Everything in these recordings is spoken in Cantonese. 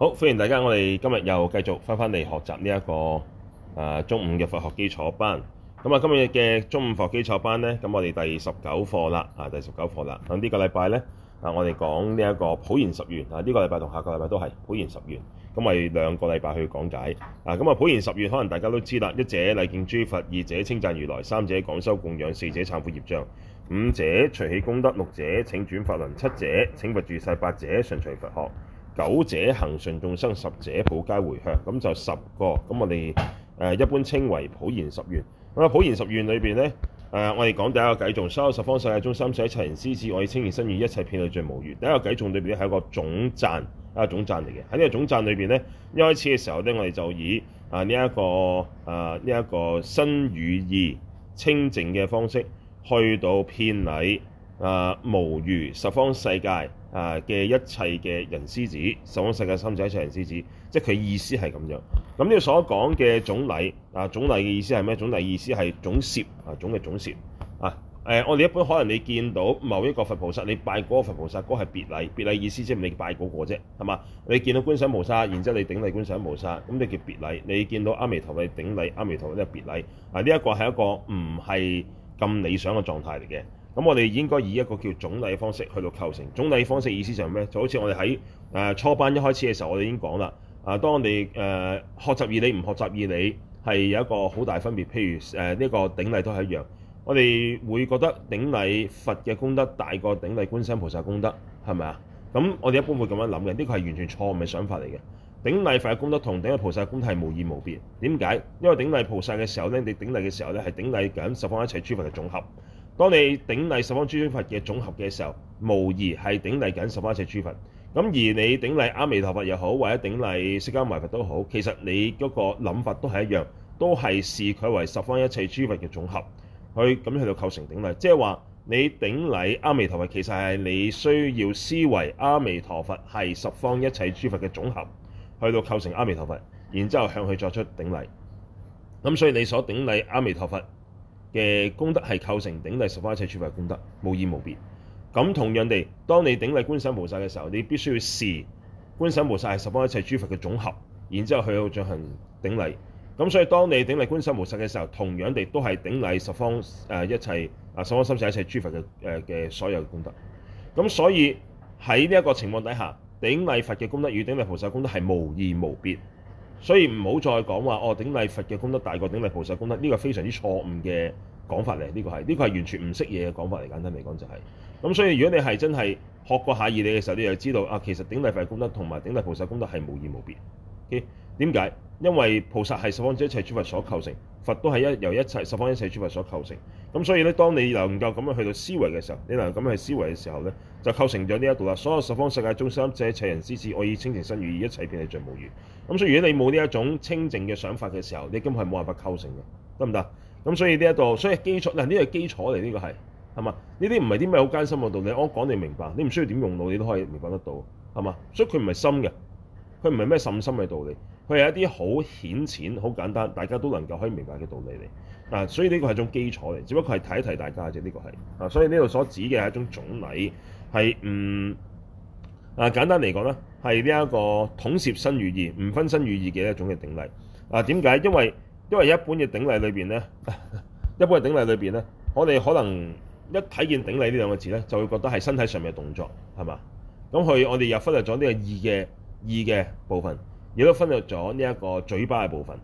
好，歡迎大家！我哋今日又繼續翻翻嚟學習呢、這、一個誒、啊、中午嘅佛學基礎班。咁啊，今日嘅中午佛學基礎班呢，咁、啊、我哋第十九課啦，啊第十九課啦。咁、啊、呢、這個禮拜呢，啊、我哋講呢一個普賢十願。啊，呢、這個禮拜同下個禮拜都係普賢十願。咁、啊、我哋兩個禮拜去講解。啊，咁啊普賢十願可能大家都知啦。一者禮敬諸佛，二者稱讚如來，三者廣修供養，四者懺悔業障，五者隨喜功德，六者請轉法輪，七者請佛住世，八者常隨佛學。九者恆順眾生，十者普皆迴向，咁就十個，咁我哋誒、呃、一般稱為普賢十願。咁、那、啊、個，普賢十願裏邊咧，誒我哋講第一個偈頌，所有十方世界中，三世一切人師子，我以清淨身語一切遍禮盡無餘。第一個偈頌裏邊咧係一個總讚，一、啊、個總讚嚟嘅。喺呢個總讚裏邊咧，一開始嘅時候咧，我哋就以啊呢一個啊呢一個身語意清淨嘅方式去到遍禮啊、呃、無餘十方世界。啊嘅一切嘅人獅子，受安世嘅心就一切人獅子，即係佢意思係咁樣。咁呢個所講嘅總禮，啊總禮嘅意思係咩？總禮意思係總，總攝啊，總嘅總攝啊。呃，我哋一般可能你見到某一個佛菩薩，你拜嗰個佛菩薩嗰係別禮，別禮意思即係你拜嗰個啫，係嘛？你見到觀世音菩薩，然之後你頂禮觀世音菩薩，咁你叫別禮。你見到阿彌陀你頂禮阿彌陀，呢係別禮。啊，呢一個係一個唔係咁理想嘅狀態嚟嘅。咁我哋應該以一個叫總禮方式去到構成總禮方式，意思就係咩？就好似我哋喺誒初班一開始嘅時候，我哋已經講啦。啊，當我哋誒學習義理唔學習義理係有一個好大分別。譬如誒呢個頂禮都係一樣，我哋會覺得頂禮佛嘅功德大過頂禮觀世音菩薩功德係咪啊？咁我哋一般會咁樣諗嘅，呢個係完全錯誤嘅想法嚟嘅。頂禮佛嘅功德同頂禮菩薩嘅功德係無二無別。點解？因為頂禮菩薩嘅時候咧，你頂禮嘅時候咧係頂禮緊十方一切諸佛嘅總合。當你頂禮十方諸佛嘅總合嘅時候，無疑係頂禮緊十方一切諸佛。咁而你頂禮阿彌陀佛又好，或者頂禮釋迦牟尼佛都好，其實你嗰個諗法都係一樣，都係視佢為十方一切諸佛嘅總合去咁去到構成頂禮。即係話你頂禮阿彌陀佛，其實係你需要思維阿彌陀佛係十方一切諸佛嘅總合，去到構成阿彌陀佛，然之後向佢作出頂禮。咁所以你所頂禮阿彌陀佛。嘅功德係構成頂禮十方一切諸佛嘅功德，無異無別。咁同樣地，當你頂禮觀世音菩薩嘅時候，你必須要視觀世音菩薩係十方一切諸佛嘅總合，然之後去進行頂禮。咁所以當你頂禮觀世音菩薩嘅時候，同樣地都係頂禮十方誒一切啊十方三世一切諸佛嘅誒嘅所有嘅功德。咁所以喺呢一個情況底下，頂禮佛嘅功德與頂禮菩薩功德係無異無別。所以唔好再講話哦，頂禮佛嘅功德大過頂禮菩薩功德，呢個非常之錯誤嘅講法嚟，呢個係呢個係完全唔識嘢嘅講法嚟，簡單嚟講就係。咁所以如果你係真係學過下義理嘅時候，你就知道啊，其實頂禮佛嘅功德同埋頂禮菩薩功德係無異無別。點、okay? 解？因為菩薩係十方一切諸佛所構成，佛都係一由一切十方一切諸佛所構成。咁所以咧，當你能夠咁樣去到思維嘅時候，你能夠咁樣去思維嘅時候咧，就構成咗呢一度啦。所有十方世界中，三世一切人師子，我以清淨身語意，一切遍禮盡無餘。咁所以如果你冇呢一種清淨嘅想法嘅時候，你根本係冇辦法構成嘅，得唔得？咁所以呢一度，所以基礎咧，呢個基礎嚟，呢個係係嘛？呢啲唔係啲咩好艱深嘅道理，我講你明白，你唔需要點用腦，你都可以明白得到，係嘛？所以佢唔係深嘅。佢唔係咩甚深嘅道理，佢係一啲好顯淺、好簡單，大家都能夠可以明白嘅道理嚟。嗱、啊，所以呢個係種基礎嚟，只不過係提一提大家啫。呢個係，啊，所以呢度所指嘅係一種總禮，係唔、嗯、啊，簡單嚟講咧，係呢一個統攝身語意，唔分身語意嘅一種嘅頂禮。啊，點解？因為因為一般嘅頂禮裏邊咧，一般嘅頂禮裏邊咧，我哋可能一睇見頂禮呢兩個字咧，就會覺得係身體上面嘅動作，係嘛？咁佢我哋又忽略咗呢個意嘅。意嘅部分，亦都忽略咗呢一個嘴巴嘅部分。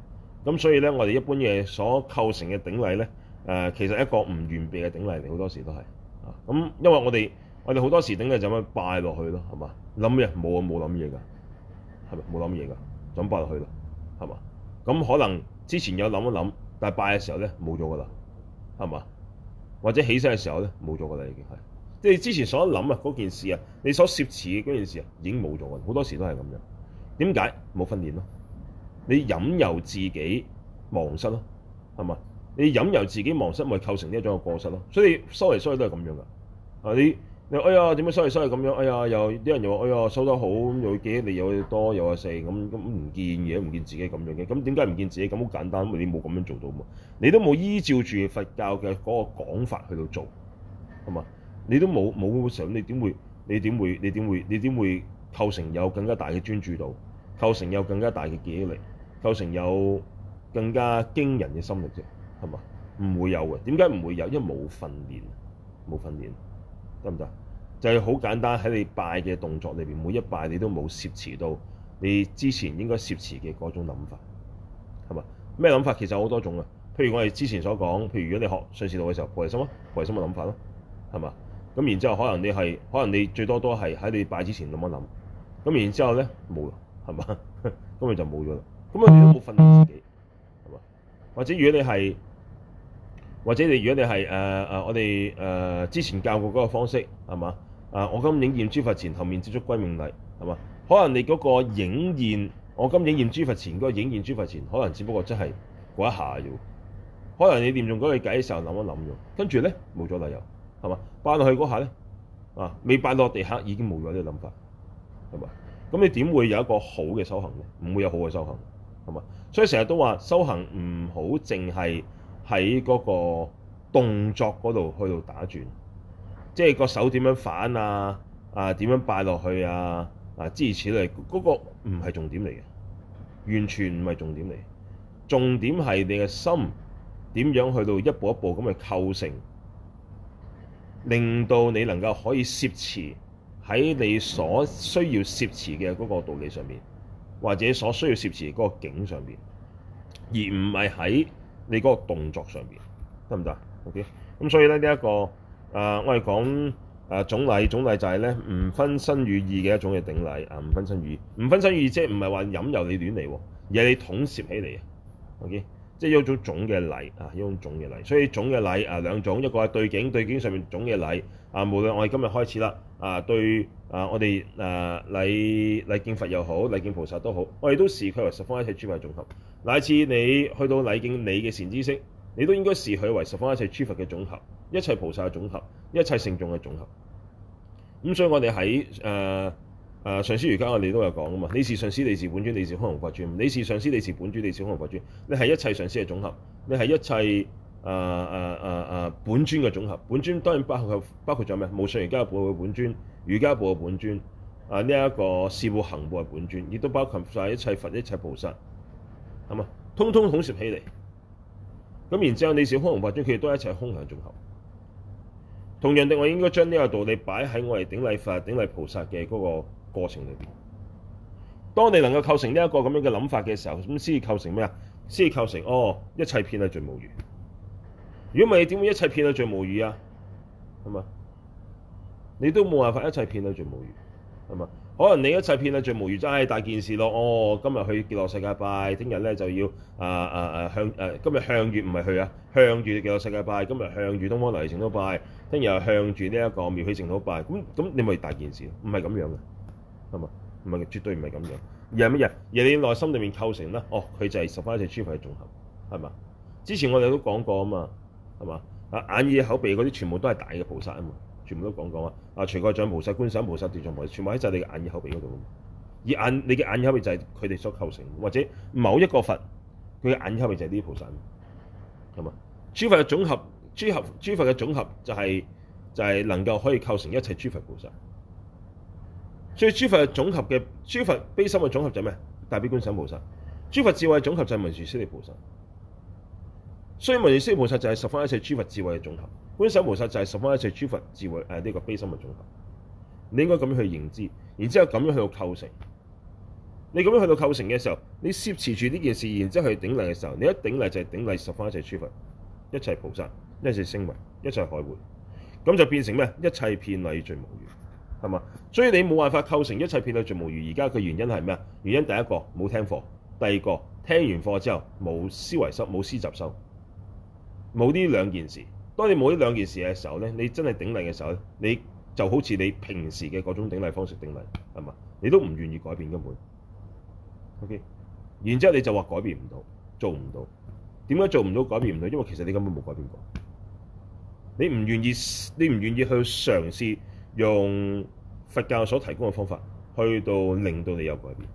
咁所以咧，我哋一般嘅所構成嘅頂禮咧，誒、呃、其實一個唔完備嘅頂禮嚟，好多時都係啊。咁因為我哋我哋好多時頂禮就咁樣拜落去咯，係嘛？諗咩？冇啊，冇諗嘢㗎，係咪冇諗嘢㗎？就咁拜落去啦，係嘛？咁可能之前有諗一諗，但係拜嘅時候咧冇咗㗎啦，係嘛？或者起身嘅時候咧冇咗㗎啦，已經係。即係之前所諗啊，嗰件事啊，你所攝持嘅嗰件事啊，已經冇咗噶好多時都係咁樣。點解冇訓練咯？你引誘自己忘失咯，係嘛？你引誘自己忘失，咪構成呢一種嘅過失咯。所以收嚟收去都係咁樣噶。啊，你你說哎呀，點樣收嚟收去咁樣？哎呀，又啲人又話哎呀，收得好，又記得你有多有啊四咁咁唔見嘢，唔見自己咁樣嘅。咁點解唔見自己咁？好簡單，你冇咁樣做到嘛？你都冇依照住佛教嘅嗰個講法去到做，係嘛？你都冇冇想，你點會？你點會？你點會？你點會？會構成有更加大嘅專注度？構成有更加大嘅記憶力？構成有更加驚人嘅心力啫，係嘛？唔會有嘅。點解唔會有？因為冇訓練，冇訓練得唔得？就係好簡單喺你拜嘅動作裏面，每一拜你都冇攝持到你之前應該攝持嘅嗰種諗法，係嘛？咩諗法？其實有好多種啊，譬如我哋之前所講，譬如如果你學上士道嘅時候，菩提心咯，菩提心嘅諗法咯，係嘛？咁然之後，可能你係，可能你最多都係喺你拜之前諗一諗，咁然之後咧冇啦，係嘛？咁咪就冇咗啦。咁啊，你都冇訓練自己，係嘛？或者如果你係，或者你如果你係誒誒，我哋誒、呃、之前教過嗰個方式，係嘛？啊、呃，我今影現諸佛前，後面接觸歸命禮，係嘛？可能你嗰個影現，我今影現諸佛前嗰、嗰個影現諸佛前，可能只不過真係嗰一下啫。可能你念用嗰句偈嘅時候諗一諗啫，跟住咧冇咗理由。係嘛？拜落去嗰下咧，啊未拜落地下已經冇咗呢個諗法，係嘛？咁你點會有一個好嘅修行咧？唔會有好嘅修行，係嘛？所以成日都話修行唔好淨係喺嗰個動作嗰度去到打轉，即係個手點樣反啊？啊點樣拜落去啊？啊諸如此類嗰個唔係重點嚟嘅，完全唔係重點嚟。重點係你嘅心點樣去到一步一步咁去構成。令到你能夠可以攝持喺你所需要攝持嘅嗰個道理上面，或者所需要攝持嗰個景上面，而唔係喺你嗰個動作上面。得唔得？OK，咁所以咧呢一、這個誒、呃，我係講誒、呃、總禮總禮就係咧唔分身語意嘅一種嘅頂禮啊，唔分身語意，唔分身語意即係唔係話任由你亂嚟，而係你統攝起嚟啊，OK。即係一種總嘅禮啊，一種總嘅禮。所以總嘅禮啊，兩種，一個係對境，對境上面總嘅禮啊。無論我哋今日開始啦啊，對啊，我哋啊禮禮敬佛又好，禮敬菩薩都好，我哋都視佢為十方一切諸佛嘅總合。乃至你去到禮敬你嘅善知識，你都應該視佢為十方一切諸佛嘅總合，一切菩薩嘅總合，一切聖眾嘅總合。咁所以我哋喺誒，呃誒上司瑜家，我哋都有講噶嘛？你是上司，你是本，尊，尊，本尊，尊，你是康弘佛尊；你是上司，你是本尊，你是康弘佛尊。你係一切上司嘅總合，你係一切誒誒誒誒本尊嘅總合。本尊當然包括包括咗咩？無上瑜伽部嘅本尊、瑜伽部嘅本尊，啊呢一個事部行部嘅本尊，亦都包含晒一切佛、一切菩薩，咁啊，通通統攝起嚟。咁然之後，你是康弘佛尊，佢亦都係一切空行嘅合。同樣地，我應該將呢個道理擺喺我哋頂禮佛、頂禮菩薩嘅嗰個過程裏邊，當你能夠構成呢一個咁樣嘅諗法嘅時候，咁先至構成咩啊？先至構成哦，一切遍禮盡無餘。如果唔係，點會一切遍禮盡無餘啊？係嘛，你都冇辦法一切遍禮盡無餘係嘛？可能你一切遍禮盡無餘，真、哎、係大件事咯。哦，今日去極樂世界拜，聽日咧就要啊啊啊向誒、呃，今日向月唔係去啊，向住極樂世界拜，今日向住東方琉璃城都拜，聽日向住呢一個妙喜城都拜。咁咁，你咪大件事，唔係咁樣嘅。係嘛？唔係絕對唔係咁樣。而係乜嘢？而你內心裏面構成啦，哦，佢就係十方一切諸佛嘅總合，係嘛？之前我哋都講過啊嘛，係嘛？啊眼耳口鼻嗰啲全部都係大嘅菩薩啊嘛，全部都講過啊。啊除蓋掌菩薩觀想菩薩斷相菩薩，全部喺晒你嘅眼耳口鼻嗰度。而眼你嘅眼耳口鼻就係佢哋所構成，或者某一個佛佢嘅眼耳口鼻就係呢啲菩薩，係嘛？諸佛嘅總合，諸合諸佛嘅總合就係、是、就係、是、能夠可以構成一切諸佛菩薩。所以諸佛嘅總合嘅諸佛悲心嘅總合就係咩？大悲觀世音菩薩，諸佛智慧總合就係文殊師利菩薩。所以文殊師利菩薩就係十方一切諸佛智慧嘅總合，觀世音菩薩就係十方一切諸佛智慧誒呢、啊這個悲心嘅總合。你應該咁樣去認知，然之後咁樣，樣去到構成。你咁樣去到構成嘅時候，你涉持住呢件事，然之後去頂禮嘅時候，你一頂禮就係頂禮十方一切諸佛，一切菩薩，一切聖衆，一切海會，咁就變成咩？一切遍禮盡無餘。係嘛？所以你冇辦法構成一切遍禮盡無餘。而家嘅原因係咩啊？原因，第一個冇聽課，第二個聽完課之後冇思維修，冇思習修。冇呢兩件事。當你冇呢兩件事嘅時候咧，你真係頂禮嘅時候咧，你就好似你平時嘅各種頂禮方式頂禮，係嘛？你都唔願意改變根本。OK，然之後你就話改變唔到，做唔到。點解做唔到，改變唔到？因為其實你根本冇改變過。你唔願意，你唔願意去嘗試。用佛教所提供嘅方法去到令到你有改變，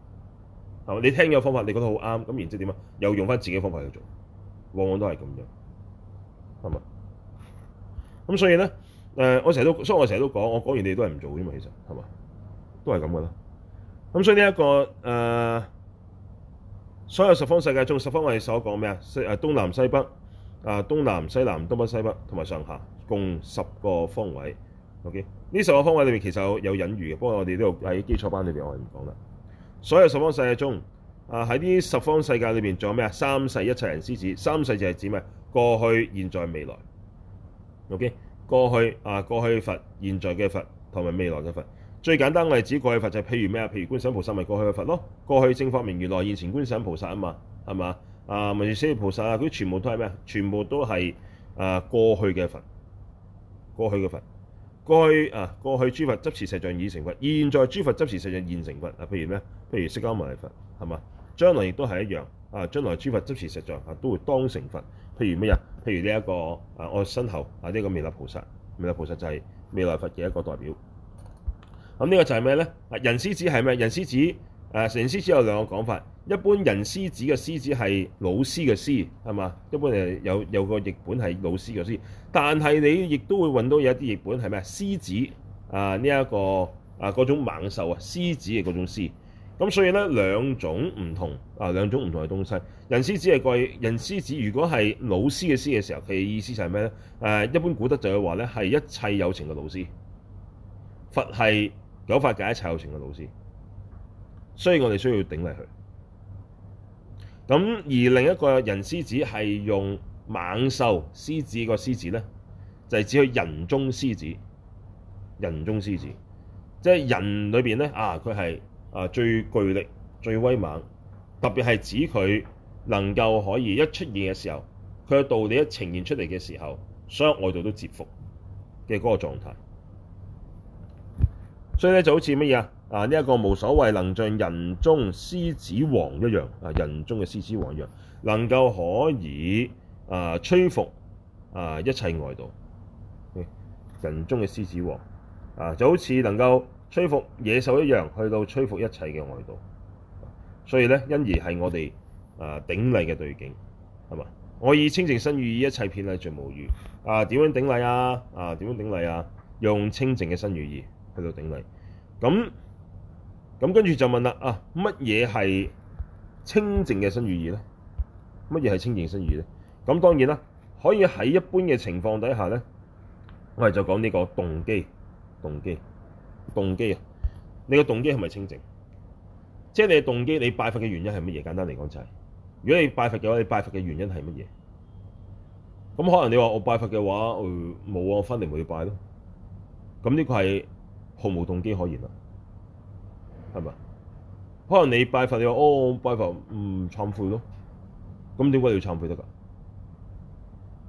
係嘛？你聽有方法，你覺得好啱咁，然之後點啊？又用翻自己嘅方法去做，往往都係咁樣係嘛？咁所以咧誒，呃、我成日都，所以我成日都講，我講完你都係唔做㗎嘛？其實係嘛？都係咁嘅啦。咁所以呢、這、一個誒、呃，所有十方世界中十方位所講咩啊？四誒東南西北啊、呃、東南西南東北西北同埋上下，共十個方位。OK。呢十個方位裏面其實有隱喻嘅，不過我哋呢度喺基礎班裏邊我哋唔講啦。所有十方世界中，啊喺呢十方世界裏邊仲有咩啊？三世一切人師子，三世就係指咩？過去、現在、未來。OK，過去啊，過去佛，現在嘅佛，同埋未來嘅佛。最簡單嘅例子，過去佛就係、是、譬如咩啊？譬如觀世音菩薩咪過去嘅佛咯。過去正法明如來現前觀世音菩薩啊嘛，係嘛？啊文殊師利菩薩嗰啲全部都係咩？全部都係啊過去嘅佛，過去嘅佛。過去啊，過去諸佛執持石像已成佛，現在諸佛執持石像現成佛。啊，譬如咩？譬如釋迦牟尼佛，係嘛？將來亦都係一樣。啊，將來諸佛執持石像啊，都會當成佛。譬如咩啊？譬如呢、這、一個啊，我身後啊，呢、這個彌勒菩薩，彌勒菩薩就係未來佛嘅一個代表。咁呢個就係咩咧？啊，人獅子係咩？人獅子。誒、啊、成獅子有兩個講法，一般人獅子嘅獅子係老師嘅師，係嘛？一般人有有個譯本係老師嘅師，但係你亦都會揾到有一啲譯本係咩啊？獅子啊呢一、這個啊嗰種猛獸啊，獅子嘅嗰種獅子，咁所以咧兩種唔同啊兩種唔同嘅東西，人獅子係貴人獅子，如果係老師嘅師嘅時候，佢嘅意思就係咩咧？誒、啊、一般古德就係話咧係一切有情嘅老師，佛係九法界一切有情嘅老師。所以我哋需要頂禮佢。咁而另一個人獅子係用猛獸獅子個獅子咧，就係指佢人中獅子，人中獅子，即係人裏面咧啊，佢係啊最具力、最威猛，特別係指佢能夠可以一出現嘅時候，佢嘅道理一呈現出嚟嘅時候，所有外道都折服嘅嗰個狀態。所以咧就好似乜嘢啊？啊！呢、這、一個無所謂，能像人中獅子王一樣，啊人中嘅獅子王一樣，能夠可以啊摧伏啊一切外道。啊、人中嘅獅子王啊，就好似能夠摧伏野獸一樣，去到摧伏一切嘅外道。所以咧，因而係我哋啊頂禮嘅對境係嘛？我以清淨身語意，一切遍禮盡無餘啊！點樣頂禮啊？啊點樣頂禮啊？啊用清淨嘅身語意去到頂禮咁。咁跟住就問啦，啊乜嘢係清淨嘅身語意咧？乜嘢係清淨身語意咧？咁當然啦，可以喺一般嘅情況底下咧，我哋就講呢個動機，動機，動機啊！你嘅動機係咪清淨？即係你嘅動機，你拜佛嘅原因係乜嘢？簡單嚟講就係、是，如果你拜佛嘅話，你拜佛嘅原因係乜嘢？咁可能你話我拜佛嘅話，誒冇啊，我返嚟咪要拜咯。咁呢個係毫無動機可言啦。係咪？可能你拜佛，你話哦，拜佛唔懺悔咯，咁點解你要懺悔得噶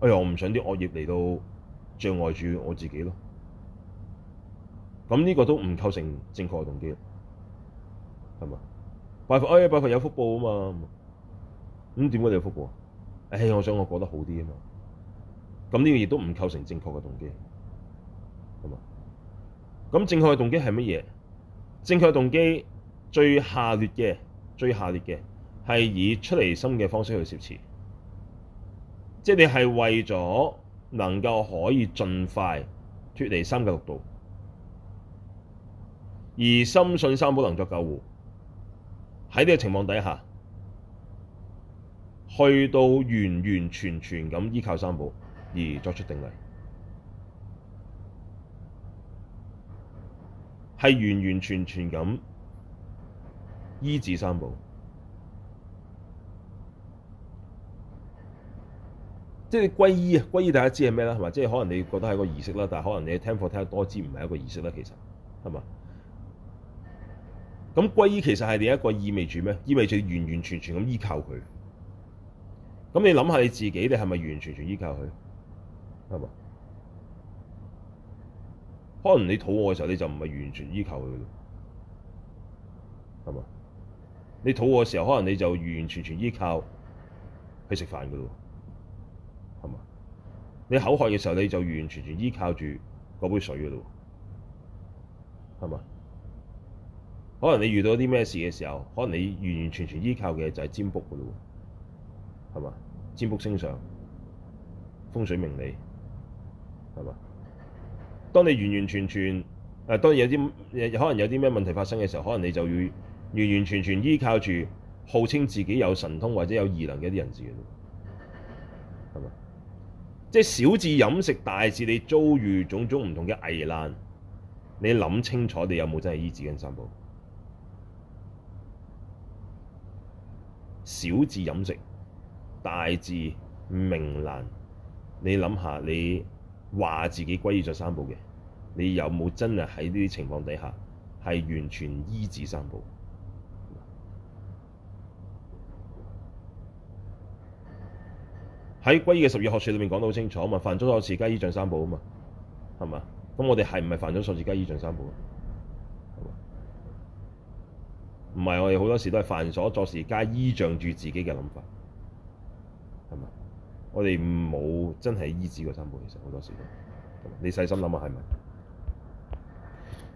哎呀，我唔想啲惡業嚟到障礙住我自己咯。咁呢個都唔構成正確嘅動機，係咪？拜佛，哎呀，拜佛有福報啊嘛。咁點解你有福報啊？哎，我想我過得好啲啊嘛。咁呢個亦都唔構成正確嘅動機，係咪？咁正確嘅動機係乜嘢？正確動機最下劣嘅、最下劣嘅係以出離心嘅方式去攝持。即係你係為咗能夠可以盡快脫離三界六道而深信三寶能作救護。喺呢個情況底下，去到完完全全咁依靠三寶而作出定論。係完完全全咁依止三寶，即是歸，即係歸依啊！歸依大家知係咩啦，係嘛？即係可能你覺得係個儀式啦，但係可能你聽課聽得多，知唔係一個儀式啦，是吧，其實係嘛？咁歸依其實係你一個意味住咩？意味住完完全全咁依靠佢。咁你諗下你自己，你係咪完完全全依靠佢？係嘛？可能你肚餓嘅時候，你就唔係完全依靠佢嘅，係嘛？你肚餓嘅時候，可能你就完完全全依靠去食飯嘅咯，係嘛？你口渴嘅時候，你就完完全全依靠住嗰杯水嘅咯，係嘛？可能你遇到啲咩事嘅時候，可能你完完全全依靠嘅就係占卜嘅咯，係嘛？占卜星相、風水命理，係嘛？當你完完全全當當有啲可能有啲咩問題發生嘅時候，可能你就要完完全全依靠住號稱自己有神通或者有異能嘅一啲人士，即係、就是、小至飲食，大至你遭遇種種唔同嘅危難，你諗清楚你有冇真係依止緊三寶？小至飲食，大至命難，你諗下你。話自己歸依咗三寶嘅，你有冇真係喺呢啲情況底下係完全依止三寶？喺《歸依嘅十二學處》裏面講得好清楚啊嘛，凡所作事皆依仗三寶啊嘛，係嘛？咁我哋係唔係凡所作事皆依仗三寶？係嘛？唔係，我哋好多時都係凡所作事，皆依仗住自己嘅諗法，係嘛？我哋冇真係醫治過三寶，其實好多時候都，你細心諗下係咪？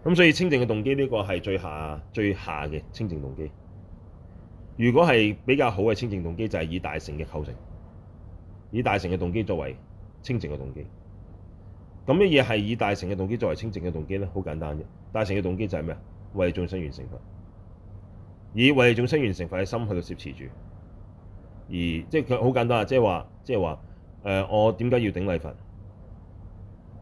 咁所以清淨嘅動機，呢個係最下最下嘅清淨動機。如果係比較好嘅清淨動機，就係、是、以大乘嘅構成，以大乘嘅動機作為清淨嘅動機。咁乜嘢係以大乘嘅動機作為清淨嘅動機呢？好簡單嘅。大乘嘅動機就係咩啊？為眾生完成佛。以為眾生完成佛嘅心去到攝持住。而即係佢好簡單啊！即係話，即係話，誒、呃，我點解要頂禮佛？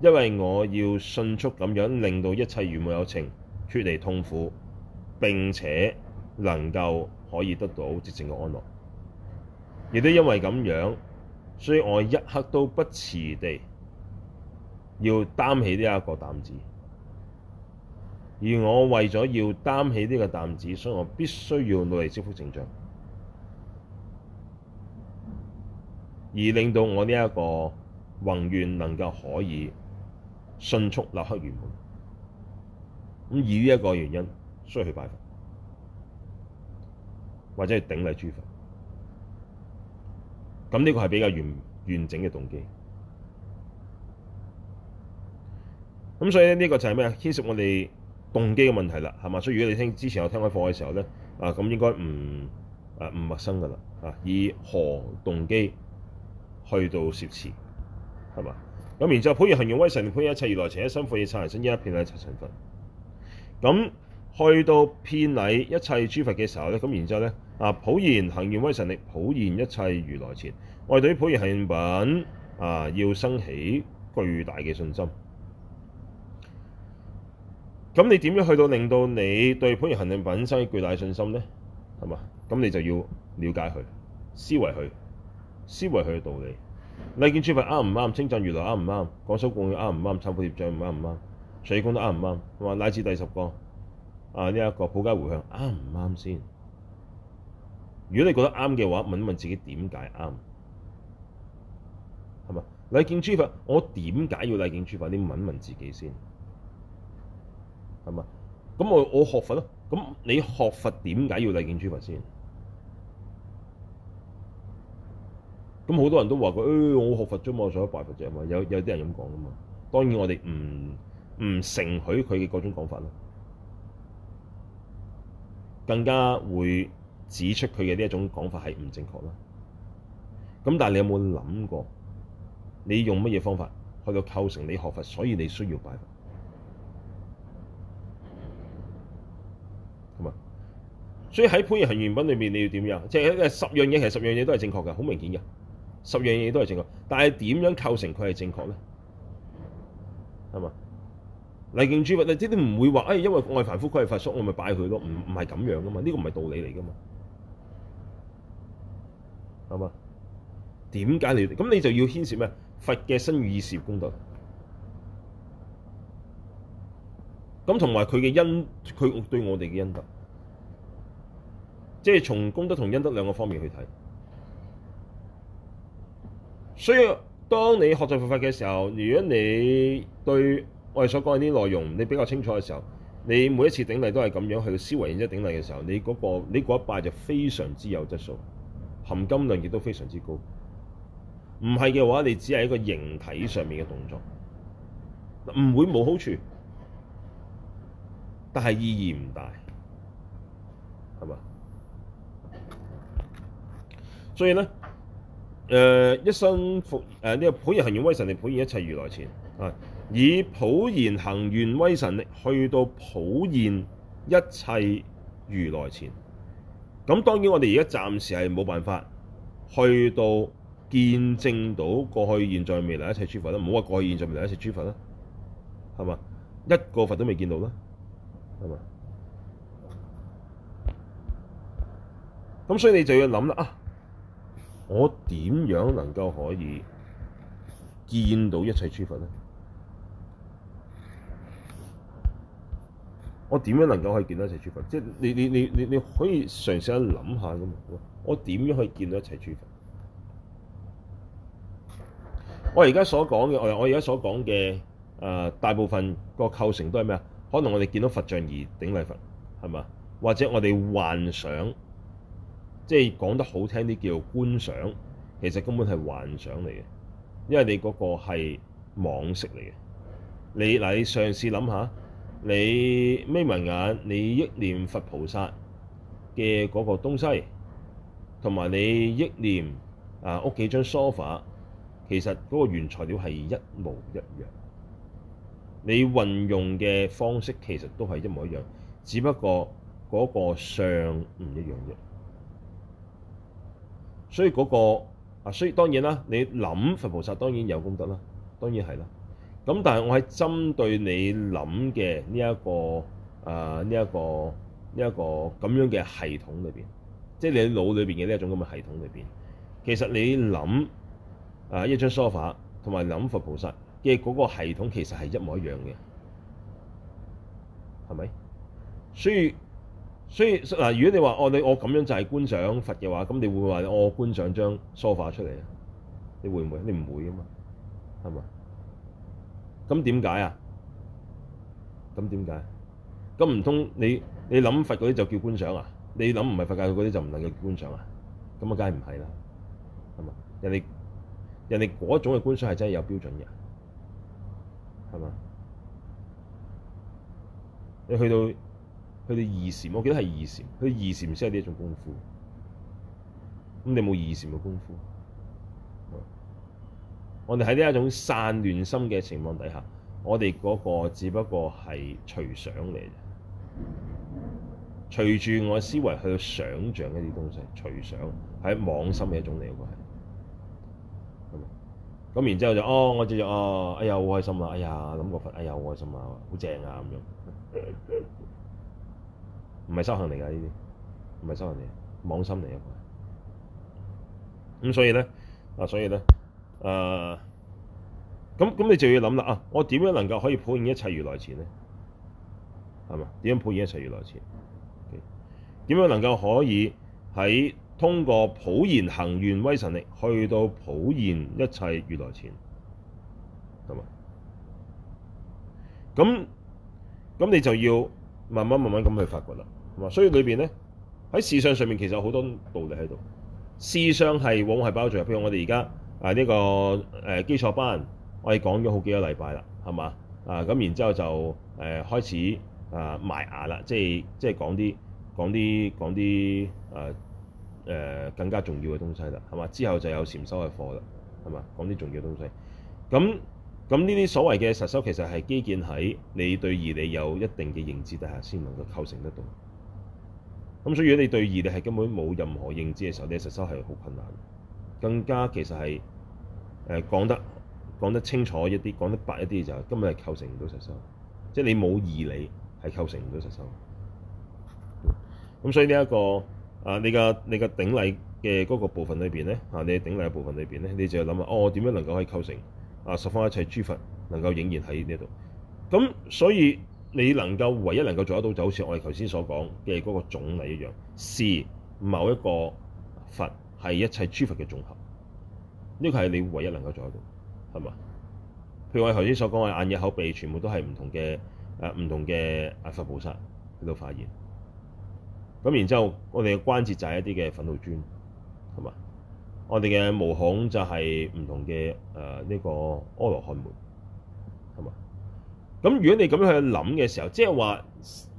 因為我要迅速咁樣令到一切如母有情脫離痛苦，並且能夠可以得到即情嘅安樂。亦都因為咁樣，所以我一刻都不遲地要擔起呢一個擔子。而我為咗要擔起呢個擔子，所以我必須要努力修復成長。而令到我呢，這一個宏願能夠可以迅速立刻圓滿，咁，以呢一個原因需要去拜佛或者係頂禮諸佛咁，呢個係比較完完整嘅動機，咁，所以呢個就係咩啊？牽涉我哋動機嘅問題啦，係嘛？所以如果你聽之前有聽開課嘅時候咧，啊咁應該唔啊唔陌生㗎啦啊，以何動機？去到涉慈，係嘛？咁然之後，普賢行願威神力，普現一切如來前，一身復現剎塵身，一一遍禮剎塵佛。咁去到遍禮一切諸佛嘅時候咧，咁然之後咧，啊普賢行願威神力，普現一切如來前，我哋對於普賢行願品啊要生起巨大嘅信心。咁你點樣去到令到你對普賢行願品生起巨大嘅信心咧？係嘛？咁你就要了解佢，思維佢。思維佢嘅道理，禮敬諸佛啱唔啱？稱讚如來啱唔啱？廣修供養啱唔啱？懺悔業障唔啱唔啱？隨喜功德啱唔啱？同埋乃至第十個啊，呢、這、一個普皆迴向啱唔啱先？如果你覺得啱嘅話，問一問自己點解啱，係咪？禮敬諸佛，我點解要禮敬諸佛？你問一問自己先，係咪？咁我我學佛咯，咁你學佛點解要禮敬諸佛先？咁好多人都話佢，誒、哎、我學佛啫嘛，我所以拜佛啫嘛，有有啲人咁講啊嘛。當然我哋唔唔承許佢嘅各種講法啦，更加會指出佢嘅呢一種講法係唔正確啦。咁但係你有冇諗過，你用乜嘢方法去到構成你學佛，所以你需要拜佛？係咪？所以喺普賢行願品裏面，你要點樣？即係十樣嘢，其實十樣嘢都係正確嘅，好明顯嘅。十樣嘢都係正確，但係點樣構成佢係正確咧？係嘛？禮敬諸佛，你知都唔會話誒、哎，因為外凡夫佢係佛叔，我咪拜佢咯？唔唔係咁樣噶嘛？呢、這個唔係道理嚟噶嘛？係嘛？點解你？咁你就要牽涉咩？佛嘅身語意事功德，咁同埋佢嘅恩，佢對我哋嘅恩德，即係從功德同恩德兩個方面去睇。所以，當你學習佛法嘅時候，如果你對我哋所講啲內容你比較清楚嘅時候，你每一次頂禮都係咁樣去思維認真頂禮嘅時候，你嗰個，你嗰一拜就非常之有質素，含金量亦都非常之高。唔係嘅話，你只係一個形體上面嘅動作，唔會冇好處，但係意義唔大，係嘛？所以咧。誒、呃、一身復誒呢個普賢行願威神力，普現一切如來前啊！以普賢行願威神力去到普現一切如來前，咁、啊、當然我哋而家暫時係冇辦法去到見證到過去、現在、未來一切諸佛啦。唔好話過去、現在、未來一切諸佛啦，係嘛？一個佛都未見到啦，係嘛？咁所以你就要諗啦啊！我點樣能夠可以見到一切諸佛呢？我點樣能夠可以見到一切諸佛？即係你你你你你可以嘗試一諗下，咁我點樣可以見到一切諸佛？我而家所講嘅，我我而家所講嘅，誒大部分個構成都係咩啊？可能我哋見到佛像而頂禮佛，係嘛？或者我哋幻想。即係講得好聽啲叫觀想，其實根本係幻想嚟嘅，因為你嗰個係網色嚟嘅。你你嘗試諗下，你眯埋眼，你憶念佛菩薩嘅嗰個東西，同埋你憶念啊屋企張梳化，其實嗰個原材料係一模一樣，你運用嘅方式其實都係一模一樣，只不過嗰個相唔一樣啫。所以嗰個啊，所以當然啦，你諗佛菩薩當然有功德啦，當然係啦。咁但係我係針對你諗嘅呢一個啊，呢一個，呃，呢一個咁樣嘅系統裏邊，即係你腦裏邊嘅呢一種咁嘅系統裏邊，其實你諗啊一張梳化同埋諗佛菩薩嘅嗰個系統其實係一模一樣嘅，係咪？所以。所以嗱，如果你話哦，你我咁樣就係觀賞佛嘅話，咁你會唔會話我觀賞張梳化出嚟啊？你會唔會？你唔會噶嘛，係嘛？咁點解啊？咁點解？咁唔通你你諗佛嗰啲就叫觀賞啊？你諗唔係佛界嗰啲就唔能夠叫觀賞啊？咁啊，梗係唔係啦？係嘛？人哋人哋嗰種嘅觀賞係真係有標準嘅，係嘛？你去到。佢哋二禪，我記得係二禪。佢二禪先係呢一種功夫。咁你冇二禪嘅功夫。我哋喺呢一種散亂心嘅情況底下，我哋嗰個只不過係隨想嚟。隨住我思維去想象一啲東西，隨想係妄心嘅一種嚟嘅關係。咁，然之後就，哦，我即係，哦，哎呀，好開心啊！哎呀，諗個佛，哎呀，好開心啊，好正啊，咁樣。唔係修行嚟噶呢啲，唔係修行嚟，妄心嚟啊！咁所以咧，啊所以咧，誒、呃，咁咁你就要諗啦啊！我點樣能夠可以普現一切如來前咧？係嘛？點樣普現一切如來前？點樣能夠可以喺通過普賢行願威神力，去到普現一切如來前？係嘛？咁咁你就要。慢慢慢慢咁去發掘啦，係嘛？所以裏邊咧，喺事相上面其實有好多道理喺度。事相係往往係包住，譬如我哋而家啊呢個誒、呃、基礎班，我哋講咗好幾個禮拜啦，係嘛？啊、呃、咁然之後就誒、呃、開始啊、呃、埋牙啦，即係即係講啲講啲講啲誒誒更加重要嘅東西啦，係嘛？之後就有禪修嘅課啦，係嘛？講啲重要嘅東西，咁。咁呢啲所謂嘅實修，其實係基建喺你對義理有一定嘅認知底下先能夠構成得到。咁所以如果你對義理係根本冇任何認知嘅時候，你實修係好困難。更加其實係誒、呃、講得講得清楚一啲、講得白一啲，就係根本係構成唔到實修。即、就、係、是、你冇義理係構成唔到實修。咁所以呢、這、一個啊、呃，你嘅你嘅頂禮嘅嗰個部分裏邊咧，嚇你頂禮嘅部分裏邊咧，你就諗下哦，我點樣能夠可以構成？啊！十方一切諸佛能夠顯現喺呢度，咁所以你能夠唯一能夠做得到就好似我哋頭先所講嘅嗰個種類一樣，是某一個佛係一切諸佛嘅總合，呢個係你唯一能夠做得到，係嘛？譬如我頭先所講嘅眼的、耳、呃、口、鼻，全部都係唔同嘅誒唔同嘅啊佛菩薩喺度化現，咁然之後我哋嘅關節就係一啲嘅忿怒尊，係嘛？我哋嘅毛孔就係唔同嘅，誒、呃、呢、這個阿羅漢門，係嘛？咁如果你咁樣去諗嘅時候，即係話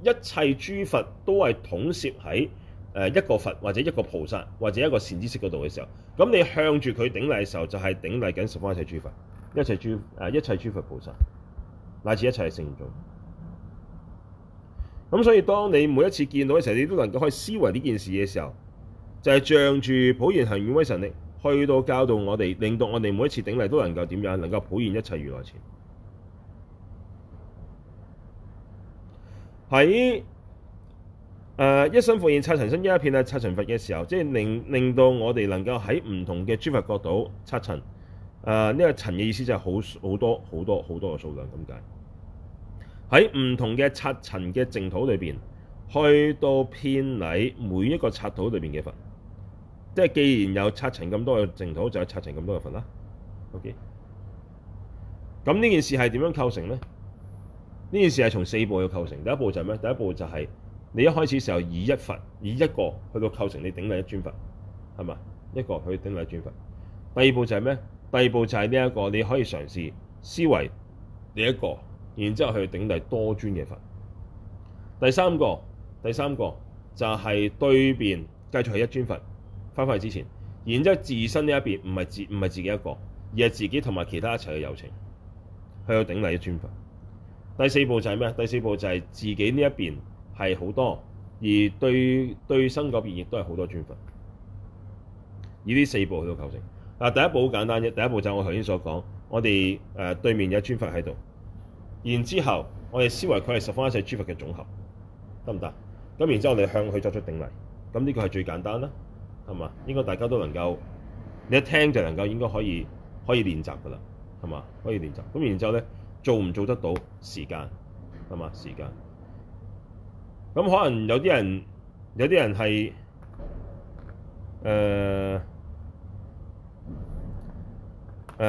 一切諸佛都係統攝喺誒一個佛或者一個菩薩或者一個善知識嗰度嘅時候，咁你向住佢頂禮嘅時候，就係頂禮緊十方一切諸佛，一切諸誒、啊、一切諸佛菩薩乃至一切聖眾。咁所以當你每一次見到嘅時候，你都能夠去思維呢件事嘅時候，就係、是、仗住普賢行願威神力。去到教導我哋，令到我哋每一次頂禮都能夠點樣，能夠普現一切如來前。喺、呃、誒，一身復現剎塵身，一一遍啊，剎塵佛嘅時候，即係令令到我哋能夠喺唔同嘅諸佛角度剎塵。誒、呃、呢、這個塵嘅意思就係好好多、好多、好多嘅數量咁解。喺唔同嘅剎塵嘅淨土裏邊，去到遍禮每一個剎土裏邊嘅佛。即係，既然有剎塵咁多嘅淨土，就有剎塵咁多嘅佛啦。OK，咁呢件事係點樣構成咧？呢件事係從四步去構成。第一步就係咩？第一步就係你一開始時候以一佛，以一個去到構成你頂禮一尊佛，係咪一個去頂禮一尊佛？第二步就係咩？第二步就係呢一個你可以嘗試思維你一個，然之後去頂禮多尊嘅佛。第三個第三個就係對面繼續係一尊佛。翻返去之前，然之後自身呢一邊唔係自唔係自己一個，而係自己同埋其他一齊嘅友情去有頂禮嘅尊佛。第四步就係咩？第四步就係自己呢一邊係好多，而對對身嗰邊亦都係好多尊佛。以呢四步去到構成。嗱，第一步好簡單啫。第一步就係我頭先所講，我哋誒、呃、對面有尊佛喺度，然之後我哋思維佢係十方一切尊佛嘅總合，得唔得？咁然之後我哋向佢作出頂禮，咁、這、呢個係最簡單啦。係嘛？應該大家都能夠，你一聽就能夠，應該可以可以練習嘅啦。係嘛？可以練習。咁然之後咧，做唔做得到時間？係嘛？時間。咁可能有啲人，有啲人係、呃、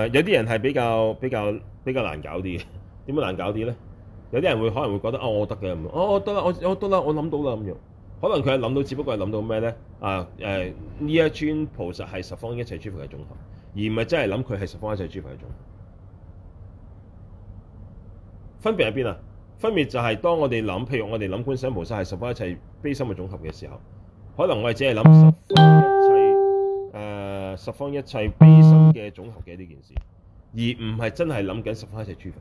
有啲人係比較比較比較難搞啲嘅。點解難搞啲咧？有啲人會可能會覺得啊，我得嘅哦，得啦，我我得啦，我諗到啦咁樣可能佢係諗到，只不過係諗到咩呢？啊，誒、呃，呢一尊菩薩係十方一切諸佛嘅總合，而唔係真係諗佢係十方一切諸佛嘅總合。分別喺邊啊？分別就係當我哋諗，譬如我哋諗觀世音菩薩係十方一切悲心嘅總合嘅時候，可能我哋只係諗十方一切誒、呃、十方一切悲心嘅總合嘅呢件事，而唔係真係諗緊十方一切諸佛。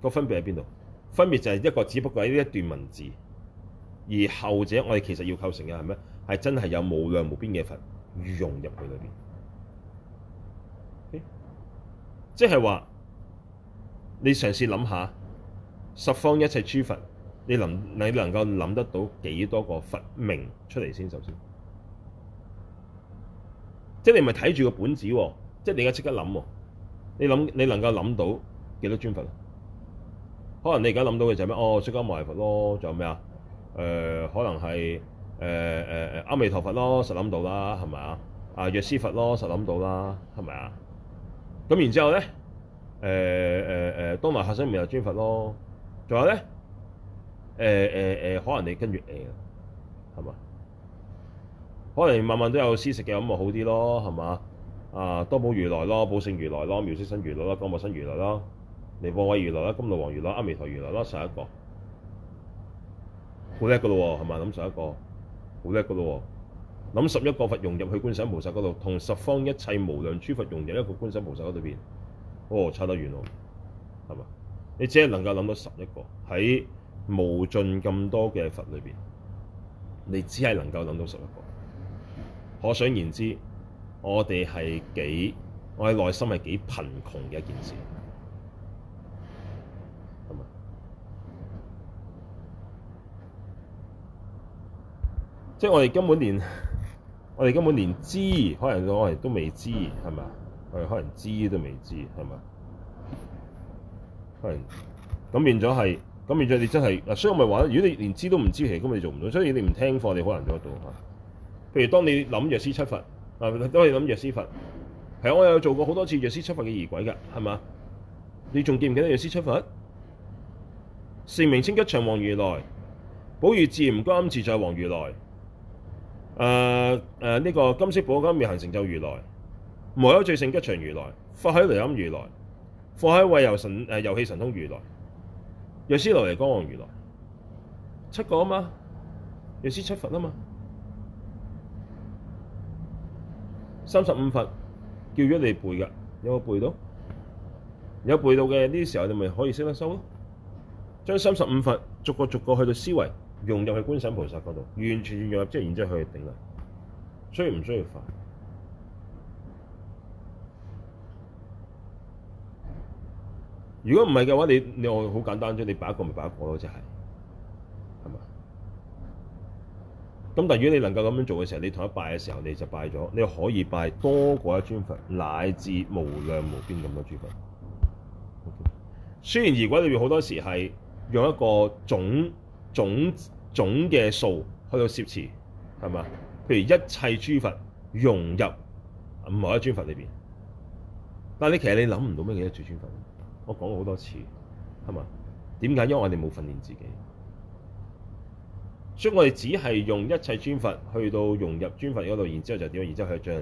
那個分別喺邊度？分別就係一個，只不過係呢一段文字；而後者，我哋其實要構成嘅係咩？係真係有無量無邊嘅佛融入去裏邊。即係話，你嘗試諗下十方一切諸佛，你能你能夠諗得到幾多個佛名出嚟先，先？首先，即係你咪睇住個本子喎、哦，即係你而家即刻諗、哦，你諗你能夠諗到幾多尊佛？可能你而家諗到嘅就係咩？哦，釋迦牟尼佛咯，仲有咩啊？誒、呃，可能係誒誒誒，阿彌陀佛咯，實諗到啦，係咪啊？啊，藥師佛咯，實諗到啦，係咪啊？咁然之後咧，誒誒誒，當來下生彌勒尊佛咯，仲有咧，誒誒誒，可能你跟住誒，係嘛？可能晚晚都有施食嘅，咁咪好啲咯，係嘛？啊，多寶如來咯，寶勝如來咯，妙色身如來咯，廣博身如來咯。離怖畏如來啦，甘露王如來，阿彌陀如來啦，十一個好叻噶咯，係咪諗十一個好叻噶咯？諗十一個佛融入去觀世音菩薩嗰度，同十方一切無量諸佛融入一個觀世音菩薩嗰度邊，哦，差得遠咯，係嘛？你只係能夠諗到十一個喺無盡咁多嘅佛裏邊，你只係能夠諗到十一個。可想而知，我哋係幾我哋內心係幾貧窮嘅一件事。即係我哋根本連，我哋根本連知，可能我哋都未知，係咪？我哋可能知都未知，係可係，咁變咗係，咁變咗你真係所以我咪話如果你連知都唔知，其實根本你做唔到，所以你唔聽課，你好難做得到吓。譬如當你諗藥師七佛，啊，都諗諗藥師佛，係啊，我有做過好多次藥師七佛嘅疑鬼噶，係嘛？你仲記唔記得藥師七佛？聖名清吉，祥王如來，寶如自唔金自在王如來。誒誒呢個金色寶光妙行成就如來，無憂最勝吉祥如來，法海雷音如來，法海勝慧遊神誒、呃、遊戲神通如來，藥師如來光王如來，七個啊嘛，藥師七佛啊嘛，三十五佛叫咗你背嘅，有冇背到？有背到嘅呢啲時候，你咪可以識得修咯。將三十五佛逐個逐個去到思維。融入去觀想菩薩嗰度，完全融入之後，然之後去嚟頂禮啦。需唔需要煩？如果唔係嘅話，你你好簡單啫，你拜一個咪拜一個咯，就係，係嘛？咁但係如果你能夠咁樣做嘅時候，你同一拜嘅時候，你就拜咗，你可以拜多過一尊佛，乃至無量無邊咁多尊佛。雖然如果你好多時係用一個總。總總嘅數去到攝持，係嘛？譬如一切諸佛融入某一尊佛裏邊，但係你其實你諗唔到咩叫一尊佛。我講過好多次，係嘛？點解？因為我哋冇訓練自己，所以我哋只係用一切尊法去到融入尊佛嗰度，然之後就點樣？然之後去進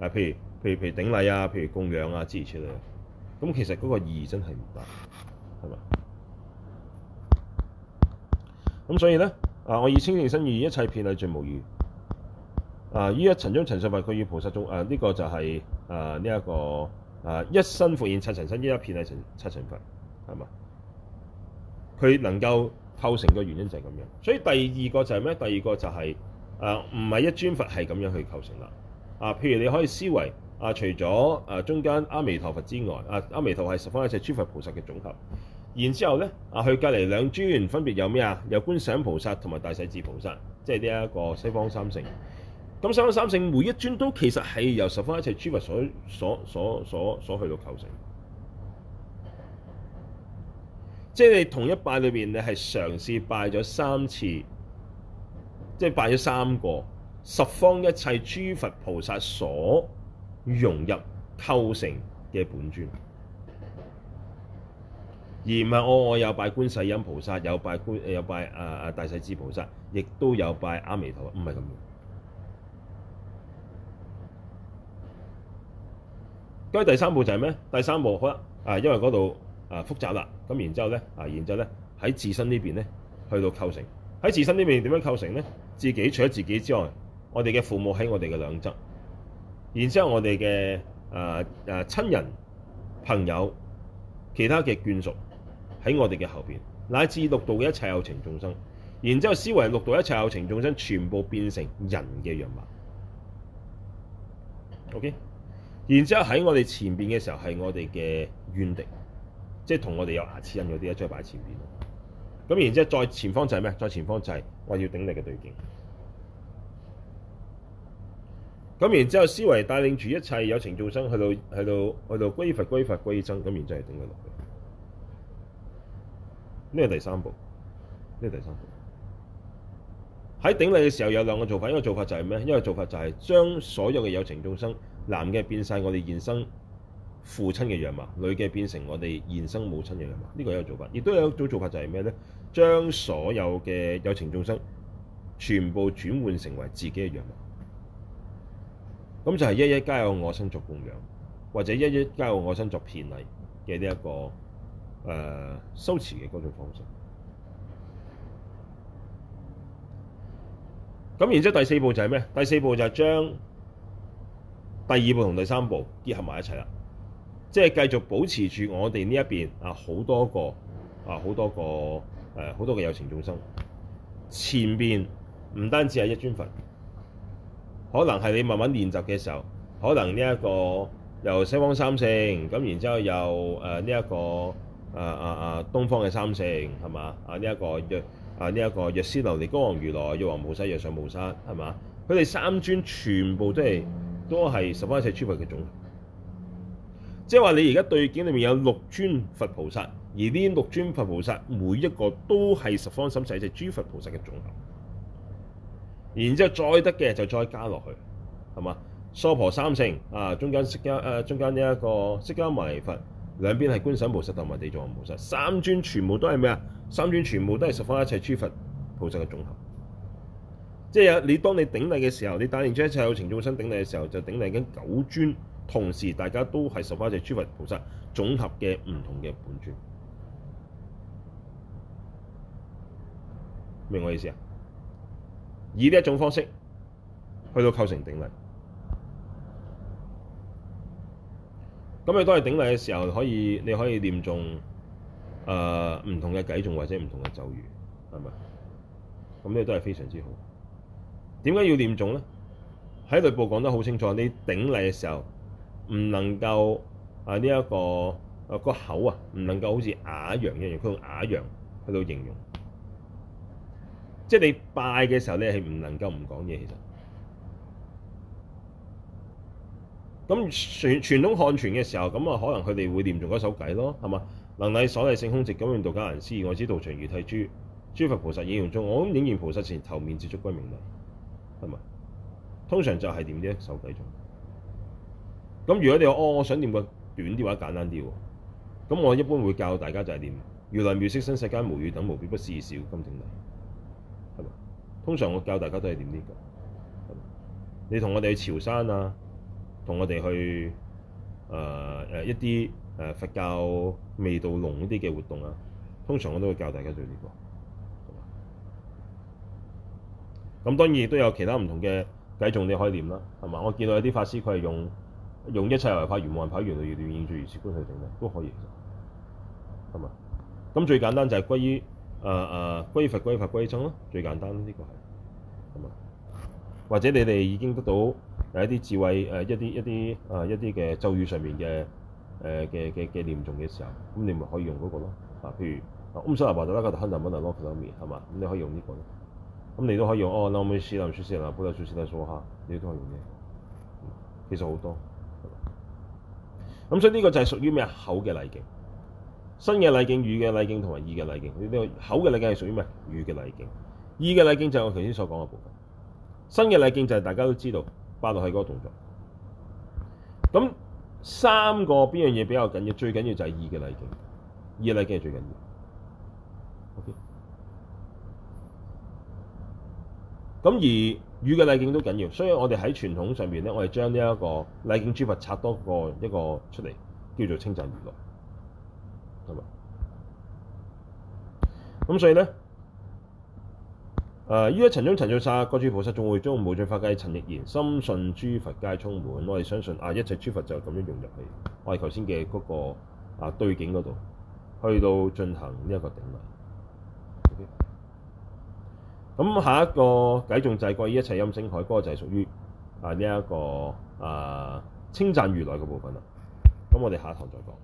行誒，譬如譬如譬如頂禮啊，譬如供養啊，諸如此類。咁其實嗰個意義真係唔大，係嘛？咁所以咧，啊，我以清淨身語意，一切遍禮盡無餘。啊、呃，於一塵中塵數佛，佢與菩薩中，誒、呃、呢、這個就係誒呢一個誒一身復現剎塵身，一一遍禮剎塵佛，係嘛？佢能夠構成嘅原因就係咁樣。所以第二個就係咩？第二個就係誒唔係一尊佛係咁樣去構成啦。啊、呃，譬如你可以思維啊、呃，除咗誒中間阿彌陀佛之外，啊、呃、阿彌陀係十方一切諸佛菩薩嘅總合。然之後呢，啊，佢隔離兩尊分別有咩啊？有觀世音菩薩同埋大勢至菩薩，即係呢一個西方三聖。咁西方三聖每一尊都其實係由十方一切諸佛所所所所所去到構成，即係你同一拜裏面，你係嘗試拜咗三次，即係拜咗三個十方一切諸佛菩薩所融入構成嘅本尊。而唔係我我有拜觀世音菩薩，有拜觀有拜啊啊大勢至菩薩，亦都有拜阿彌陀，唔係咁樣。咁第三步就係咩？第三步好啦，啊，因為嗰度啊複雜啦，咁然之後咧啊，然之後咧喺自身呢邊咧去到構成，喺自身呢邊點樣構成咧？自己除咗自己之外，我哋嘅父母喺我哋嘅兩側，然之後我哋嘅啊啊親人朋友其他嘅眷屬，喺我哋嘅後邊，乃至六道嘅一切有情眾生，然之後思維六道一切有情眾生全部變成人嘅樣貌，OK？然之後喺我哋前邊嘅時候係我哋嘅怨敵，即係同我哋有牙齒印嗰啲一再擺前邊。咁然之後再前方就係咩？再前方就係我要頂你嘅對境。咁然之後思維帶領住一切有情眾生去到去到去到歸佛歸佛歸僧，咁然之後係頂佢落去。呢個第三步，呢個第三步喺頂禮嘅時候有兩個做法，一個做法就係咩？一個做法就係將所有嘅有情眾生，男嘅變晒我哋現生父親嘅樣貌，女嘅變成我哋現生母親嘅樣貌，呢、這個一個做法。亦都有一種做法就係咩咧？將所有嘅有情眾生全部轉換成為自己嘅樣貌，咁就係一一加我我身作供養，或者一一加我我身作遍禮嘅呢一個。誒、呃、修持嘅嗰種方式，咁然之後第四步就係咩？第四步就係將第二步同第三步結合埋一齊啦，即係繼續保持住我哋呢一邊好多個啊，好多個啊，好多個誒，好多嘅有情眾生。前邊唔單止係一尊佛，可能係你慢慢練習嘅時候，可能呢、這、一個由西方三聖，咁然之後又誒呢一個。啊啊啊！東方嘅三聖係嘛？啊呢一、這個藥啊呢一個藥師琉璃光王如來、藥王菩薩、藥上菩薩係嘛？佢哋三尊全部都係都係十方一切諸佛嘅種。即係話你而家對境裏面有六尊佛菩薩，而呢六尊佛菩薩每一個都係十方三世一切諸佛菩薩嘅種。然之後再得嘅就再加落去係嘛？娑婆三聖啊，中間釋迦誒、啊、中間呢一個釋迦牟尼佛。兩邊係觀想菩薩同埋地藏菩薩，三尊全部都係咩啊？三尊全部都係十方一切諸佛菩薩嘅總合。即係有你當你頂禮嘅時候，你帶領住一切有情眾生頂禮嘅時候，就頂禮緊九尊，同時大家都係十方一切諸佛菩薩總合嘅唔同嘅本尊。明我意思啊？以呢一種方式去到構成頂禮。咁你都係頂禮嘅時候，可以你可以念誦，呃，唔同嘅偈，仲或者唔同嘅咒語，係咪？咁呢都係非常之好。點解要念誦咧？喺《雷部》講得好清楚，你頂禮嘅時候唔能夠呢一、呃呢個誒、呃嗰個口啊，唔能夠好似啞羊一樣，佢用啞羊喺度形容，即係你拜嘅時候咧，係唔能夠唔講嘢其實。咁傳傳統漢傳嘅時候，咁啊可能佢哋會念住嗰首偈咯，係嘛？能禮所禮性空寂，感應道交難思議，我此道場如帝珠，諸佛菩薩影現中，我身影現菩薩前，頭面接足歸命禮，係嘛？通常就係念呢一首偈頌。咁如果你話哦，我想念個短啲話簡單啲喎，咁我一般會教大家就係念如來妙色身，世間無與等，無比不思議，是故今敬禮，係嘛？通常我教大家都係念啲㗎，係嘛？你同我哋去潮山啊，同我哋去誒、呃、一啲誒佛教味道濃一啲嘅活動啊，通常我都會教大家做呢個。咁當然亦都有其他唔同嘅偈頌，你可以念啦，係嘛？我見到有啲法師佢係用用一切有為法、如夢幻泡影，如露亦如電，應作如是觀去整嘅都可以，係嘛？咁最簡單就係歸於誒誒、呃、歸佛歸法歸僧咯，最簡單呢個係，係嘛？或者你哋已經得到。誒一啲智慧，誒、呃、一啲一啲誒、呃、一啲嘅、呃、咒語上面嘅誒嘅嘅嘅念誦嘅時候，咁你咪可以用嗰個咯。啊，譬如我唔識阿爸就拉佢嚟，可能唔能攞佢到面係嘛，咁你可以用呢個。咁你都可以用哦。那我咪試下唔出先啦，不就出先嚟做下，你都可以用嘅。其實好多咁，所以呢個就係屬於咩口嘅禮敬、身嘅禮敬、語嘅禮敬同埋意嘅禮敬。呢、這、呢個口嘅禮敬係屬於咩語嘅禮敬，意嘅禮敬就係我頭先所講嘅部分。身嘅禮敬就係大家都知道。八落去嗰個動作，咁三個邊樣嘢比較緊要？最緊要就係意嘅禮敬，意嘅禮敬係最緊要。咁、okay? 而語嘅禮敬都緊要，所以我哋喺傳統上面咧，我哋將呢一個禮敬諸佛拆多個一個出嚟，叫做稱讚如來，係嘛？咁所以咧。誒於一塵中塵數佛，各處菩薩眾會中無盡法界，塵亦然，深信諸佛皆充滿，我哋相信啊一切諸佛就咁樣融入去，我哋頭先嘅嗰個啊對景嗰度，去到進行呢一個頂禮。咁、啊、下一個偈制濟過一切音聲海屬於，嗰就係屬於啊呢一、呢個啊稱讚如來嘅部分啦。咁、啊啊、我哋下一堂再講。